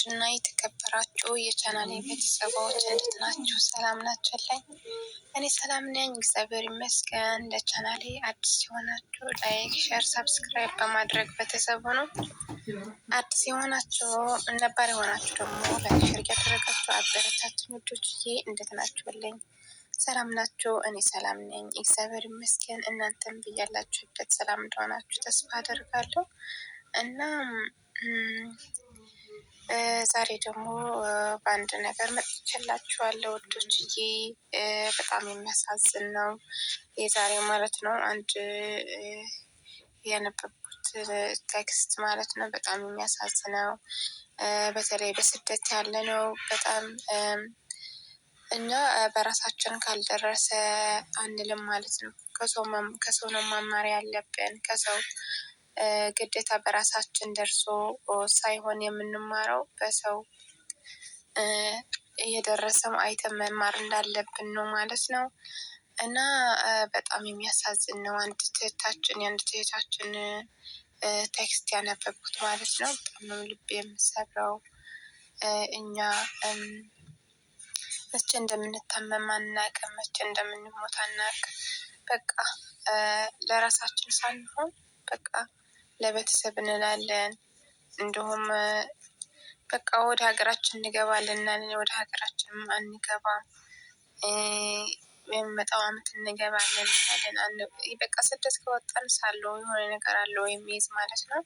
ውድና የተከበራችሁ የቻናል ቤተሰቦች እንዴት ናችሁ? ሰላም ናችሁልኝ? እኔ ሰላም ነኝ፣ እግዚአብሔር ይመስገን። ለቻናሌ አዲስ የሆናችሁ ላይክ፣ ሸር፣ ሰብስክራይብ በማድረግ ቤተሰብ ነው። አዲስ የሆናችሁ ነባር የሆናችሁ ደግሞ ላይክ፣ ሸር እያደረጋችሁ አበረታችሁ። ዬ እንዴት ናችሁልኝ? ሰላም ናችሁ? እኔ ሰላም ነኝ፣ እግዚአብሔር ይመስገን። እናንተም ብያላችሁበት ሰላም እንደሆናችሁ ተስፋ አደርጋለሁ እና ዛሬ ደግሞ በአንድ ነገር መጥቼላችኋለሁ ውዶችዬ። በጣም የሚያሳዝን ነው የዛሬው ማለት ነው። አንድ ያነበብኩት ቴክስት ማለት ነው። በጣም ነው። በተለይ በስደት ያለ ነው በጣም እኛ በራሳችን ካልደረሰ አንልም ማለት ነው። ከሰው ነው መማር ያለብን ከሰው ግዴታ በራሳችን ደርሶ ሳይሆን የምንማረው በሰው እየደረሰም አይተን መማር እንዳለብን ነው ማለት ነው። እና በጣም የሚያሳዝን ነው። አንድ ትህታችን የአንድ ትህታችን ቴክስት ያነበብኩት ማለት ነው። በጣም ነው ልብ የምሰብረው። እኛ መቼ እንደምንታመም አናውቅም፣ መቼ እንደምንሞት አናውቅም። በቃ ለራሳችን ሳንሆን በቃ ለቤተሰብ እንላለን። እንዲሁም በቃ ወደ ሀገራችን እንገባለን እናለን። ወደ ሀገራችንም አንገባም የሚመጣው አመት እንገባለን እናለን። በቃ ስደት ከወጣን ሳለው የሆነ ነገር አለው የሚይዝ ማለት ነው።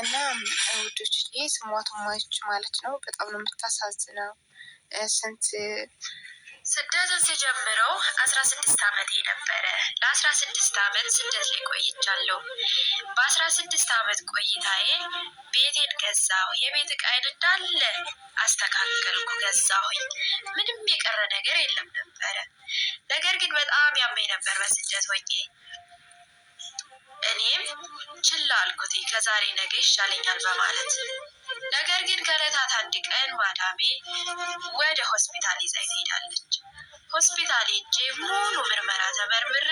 እና ውዶች ይህ ስሟ ማች ማለት ነው። በጣም ነው የምታሳዝነው ስንት ስደትን ስጀምረው አስራ ስድስት ዓመቴ ነበረ። ለአስራ ስድስት ዓመት ስደት ላይ ቆይቻለሁ። በአስራ ስድስት ዓመት ቆይታዬ ቤቴን ገዛሁ። የቤት እቃይን እንዳለ አስተካከልኩ፣ ገዛሁኝ። ምንም የቀረ ነገር የለም ነበረ። ነገር ግን በጣም ያመኝ ነበር በስደት ሆኜ እኔም ችላ አልኩት። ከዛሬ ነገ ይሻለኛል በማለት ማዳሜ ወደ ሆስፒታል ይዛኝ ትሄዳለች። ሆስፒታል ሄጄ ሙሉ ምርመራ ተመርምሬ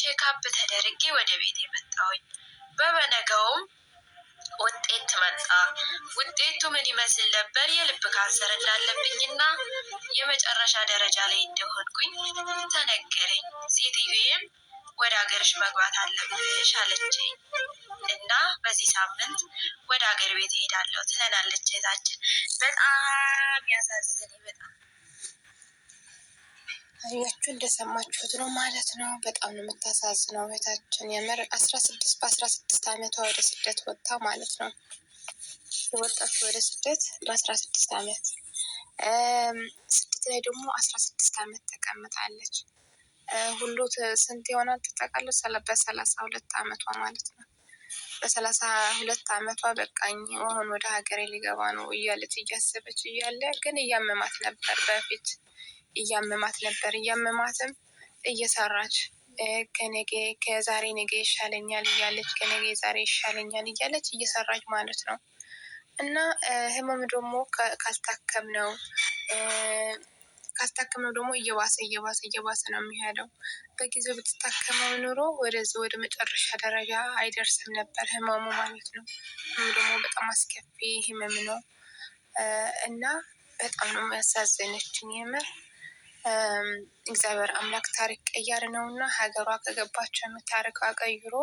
ቼክአፕ ተደርጌ ወደ ቤት የመጣውኝ በበነገውም ውጤት መጣ። ውጤቱ ምን ይመስል ነበር? የልብ ካንሰር እንዳለብኝና የመጨረሻ ደረጃ ላይ እንደሆንኩኝ ተነገረኝ። ሴትዬም ወደ ሀገርሽ መግባት አለብሽ አለችኝ። እና በዚህ ሳምንት ወደ ሀገር ቤት እሄዳለሁ ትለናለች እህታችን። በጣም ያሳዝን። በጣም አያችሁ፣ እንደሰማችሁት ነው ማለት ነው። በጣም ነው የምታሳዝነው እህታችን። የምር አስራ ስድስት በአስራ ስድስት አመቷ ወደ ስደት ወጥታ ማለት ነው የወጣች ወደ ስደት በአስራ ስድስት አመት ስደት ላይ ደግሞ አስራ ስድስት አመት ተቀምጣለች። ሁሉ ስንት የሆናል ትጠቃለች? በሰላሳ ሁለት አመቷ ማለት ነው። በሰላሳ ሁለት አመቷ በቃኝ አሁን ወደ ሀገሬ ሊገባ ነው እያለች እያሰበች እያለ ግን እያመማት ነበር። በፊት እያመማት ነበር። እያመማትም እየሰራች ከነገ ከዛሬ ነገ ይሻለኛል እያለች ከነገ ዛሬ ይሻለኛል እያለች እየሰራች ማለት ነው እና ህመም ደግሞ ካልታከም ነው ካስታከመው ደግሞ እየባሰ እየባሰ እየባሰ ነው የሚሄደው። በጊዜው ብትታከመው ኑሮ ወደዚህ ወደ መጨረሻ ደረጃ አይደርስም ነበር ህመሙ ማለት ነው። ይህ ደግሞ በጣም አስከፊ ህመም ነው እና በጣም ነው የሚያሳዘነችን የምር እግዚአብሔር አምላክ ታሪክ ቀያር ነው እና ሀገሯ ከገባቸው የምታሪክ አቀይሮ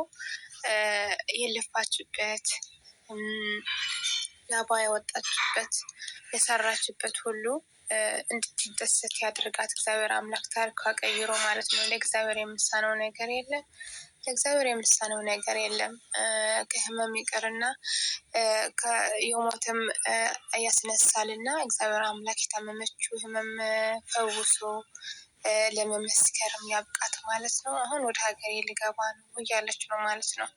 የለፋችበት ላባ ያወጣችበት የሰራችበት ሁሉ እንድትደሰት ያድርጋት እግዚአብሔር አምላክ። ታሪኳ ቀይሮ ማለት ነው። ለእግዚአብሔር የምሳነው ነገር የለም። ለእግዚአብሔር የምሳነው ነገር የለም። ከህመም ይቅርና የሞትም ያስነሳልና እግዚአብሔር አምላክ የታመመችው ህመም ፈውሶ ለመመስከርም ያብቃት ማለት ነው። አሁን ወደ ሀገሬ ልገባ ነው እያለች ነው ማለት ነው።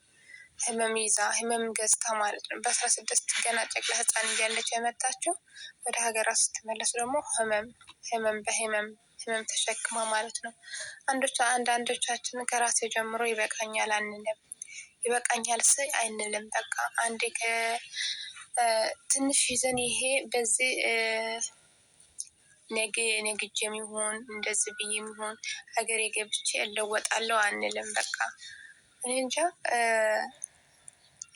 ህመም ይዛ ህመም ገዝታ ማለት ነው። በአስራ ስድስት ገና ጨቅላ ህፃን እያለች የመጣችው ወደ ሀገሯ ስትመለስ ደግሞ ህመም ህመም በህመም ህመም ተሸክማ ማለት ነው። አንዶች አንዳንዶቻችን ከራሴ ጀምሮ ይበቃኛል አንልም። ይበቃኛል ስ አይንልም። በቃ አንዴ ከትንሽ ይዘን ይሄ በዚህ ነገ ነግጄም ይሆን እንደዚህ ብዬም ይሆን ሀገሬ ገብቼ እለወጣለሁ አንልም። በቃ እኔ እንጃ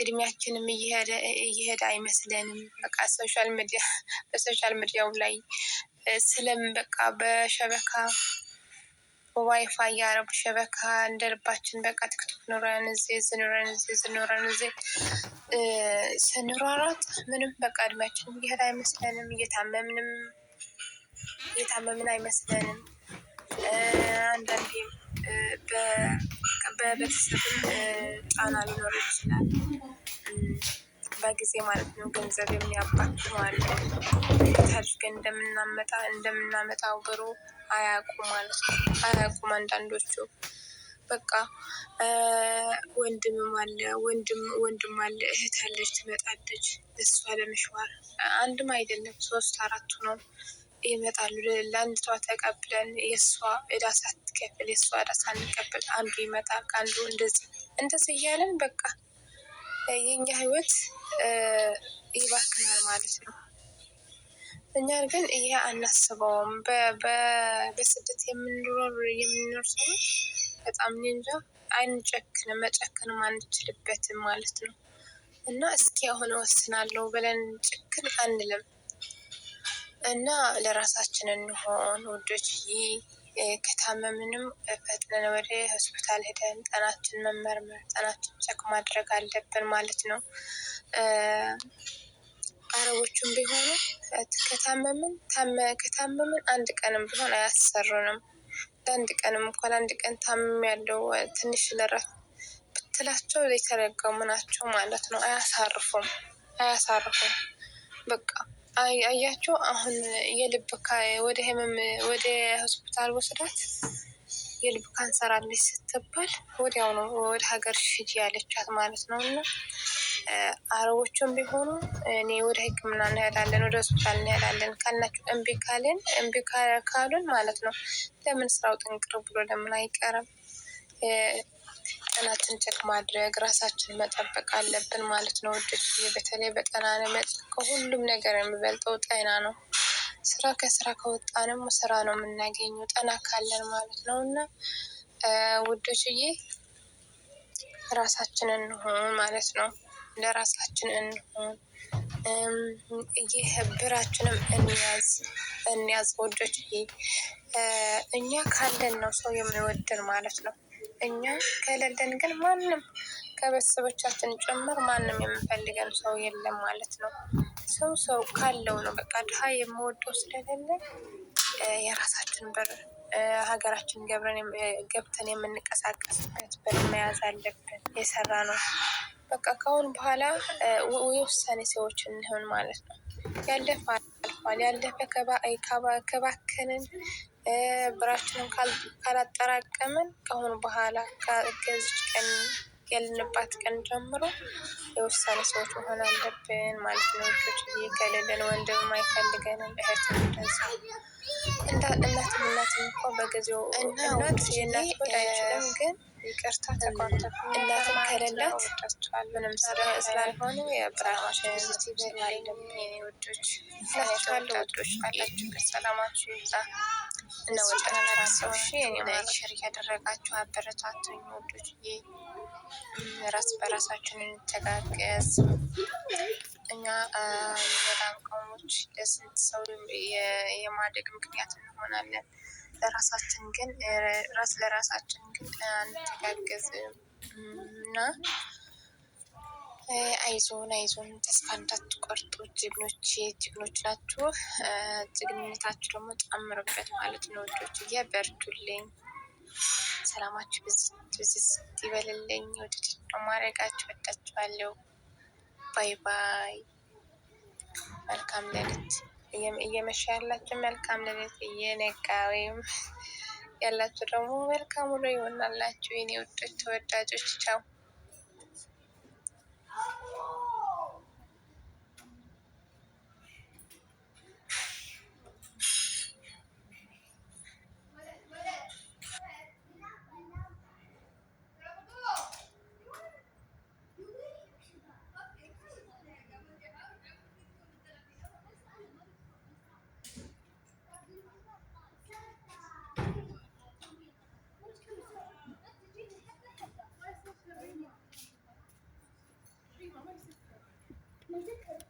እድሜያችንም እየሄደ አይመስለንም። በቃ ሶሻል ሚዲያ በሶሻል ሚዲያው ላይ ስለም በቃ በሸበካ በዋይፋይ ያረቡ ሸበካ እንደልባችን በቃ ቲክቶክ ኑረን እዚ እዚ ኑረን እዚ እዚ ኑረን ስንሯሯጥ ምንም በቃ እድሜያችን እየሄደ አይመስለንም። እየታመምንም እየታመምን አይመስለንም። አንዳንዴም በቤተሰብም ጫና ሊኖር ይችላል። ጊዜ ማለት ነው ገንዘብ የሚያባክኑ አለ። አድርገን እንደምናመጣ እንደምናመጣው ብሩ አያውቁ ማለት ነው አያውቁም። አንዳንዶቹ በቃ ወንድምም አለ ወንድም ወንድም አለ እህት አለች ትመጣለች። እሷ ለመሸዋር አንድም አይደለም ሶስት አራቱ ነው ይመጣሉ። ለአንድ ለአንድቷ ተቀብለን የእሷ እዳ ሳትከፍል የእሷ እዳ ሳንቀበል አንዱ ይመጣል ከአንዱ እንደዚህ እንደዚህ እያለን በቃ የኛ ህይወት ይባክናል ማለት ነው። እኛ ግን ይሄ አናስበውም። በስደት የምንኖር የምንኖር ሰዎች በጣም እንጃ አንጨክንም፣ መጨክንም አንችልበትም ማለት ነው። እና እስኪ አሁን እወስናለሁ ብለን ጭክን አንልም እና ለራሳችን እንሆን ውዶች ከታመምንም ፈጥነን ወደ ሆስፒታል ሄደን ጤናችን መመርመር ጤናችን ቸክ ማድረግ አለብን ማለት ነው። አረቦቹም ቢሆኑ ከታመምን ከታመምን አንድ ቀንም ቢሆን አያሰሩንም። ለአንድ ቀንም እንኳን አንድ ቀን ታምም ያለው ትንሽ ልረፍ ብትላቸው የተረገሙ ናቸው ማለት ነው። አያሳርፉም አያሳርፉም በቃ አያችሁ አሁን የልብ ወደ ህመም ወደ ሆስፒታል ወስዳት የልብ ካንሰር አለች ስትባል ወዲያው ነው ወደ ሀገር ሽጅ ያለቻት ማለት ነው። እና አረቦቹም ቢሆኑ እኔ ወደ ሕክምና እንሄዳለን ወደ ሆስፒታል እንሄዳለን ካልናችሁ እምቢ ካልን እምቢ ካሉን ማለት ነው ለምን ስራው ጥንቅር ብሎ ለምን አይቀርም? ጤናችን ቼክ ማድረግ ራሳችን መጠበቅ አለብን ማለት ነው። ውዶች በተለይ በጤና ረገድ ከሁሉም ነገር የሚበልጠው ጤና ነው። ስራ ከስራ ከወጣንም ስራ ነው የምናገኘው ጤና ካለን ማለት ነው። እና ውዶችዬ ራሳችን እንሆን ማለት ነው። ለራሳችን እንሆን ይህ ብራችንም እንያዝ እንያዝ ውዶችዬ እኛ ካለን ነው ሰው የሚወደን ማለት ነው። እኛ ከሌለን ግን ማንም ከቤተሰቦቻችን ጭምር ማንም የምንፈልገን ሰው የለም ማለት ነው። ሰው ሰው ካለው ነው በቃ ድሀ የምወደው ስለሌለ የራሳችን ብር ሀገራችን ገብተን የምንቀሳቀስበት ብር መያዝ አለብን። የሰራ ነው በቃ ከአሁን በኋላ የውሳኔ ሰዎች እንሆን ማለት ነው። ያለፈ አልፏል። ያለፈ ከባከንን ብራችንን ካላጠራቀምን ከአሁኑ በኋላ ከገዝች ቀን ያልንባት ቀን ጀምሮ የውሳኔ ሰዎች መሆን አለብን ማለት ነው። ልጆች እየከለለን ወንድም አይፈልገንም እህት ደሳ እናት ምናት እኮ በጊዜው እናት የእናት ወዳችንም ግን ይቅርታ ተቋርጠ እናትም ከሌላት ምንም ስላልሆኑ ስላልሆነ የብራችን ዚቲቭ ወዶች ናቸዋለ ወዶች አላችሁ ሰላማችሁ ይዛ እነወጭ ለመራሰው እሺ እያደረጋችሁ አበረታቱኝ ወዶች ራስ በራሳችን እንተጋገዝ። እኛ የመዳም ቀሞች ለስንት ሰው የማደግ ምክንያት እንሆናለን። ለራሳችን ግን ራስ ለራሳችን ግን አንተጋገዝ እና አይዞን አይዞን፣ ተስፋ እንዳትቆርጡ፣ ጀግኖች ጀግኖች ናችሁ። ጀግንነታችሁ ደግሞ ጨምሩበት ማለት ነው ውዶች፣ በርቱልኝ። ሰላማችሁ ብዝት ይበልልኝ። ወደድ ነው ማድረጋችሁ። ወዳችኋለሁ። ባይ ባይ። መልካም ሌሊት። እየመሸ ያላችሁ መልካም ሌሊት፣ እየነጋ ወይም ያላችሁ ደግሞ መልካም ውሎ ይሆናላችሁ። የኔ ውዶች ተወዳጆች፣ ቻው። Burada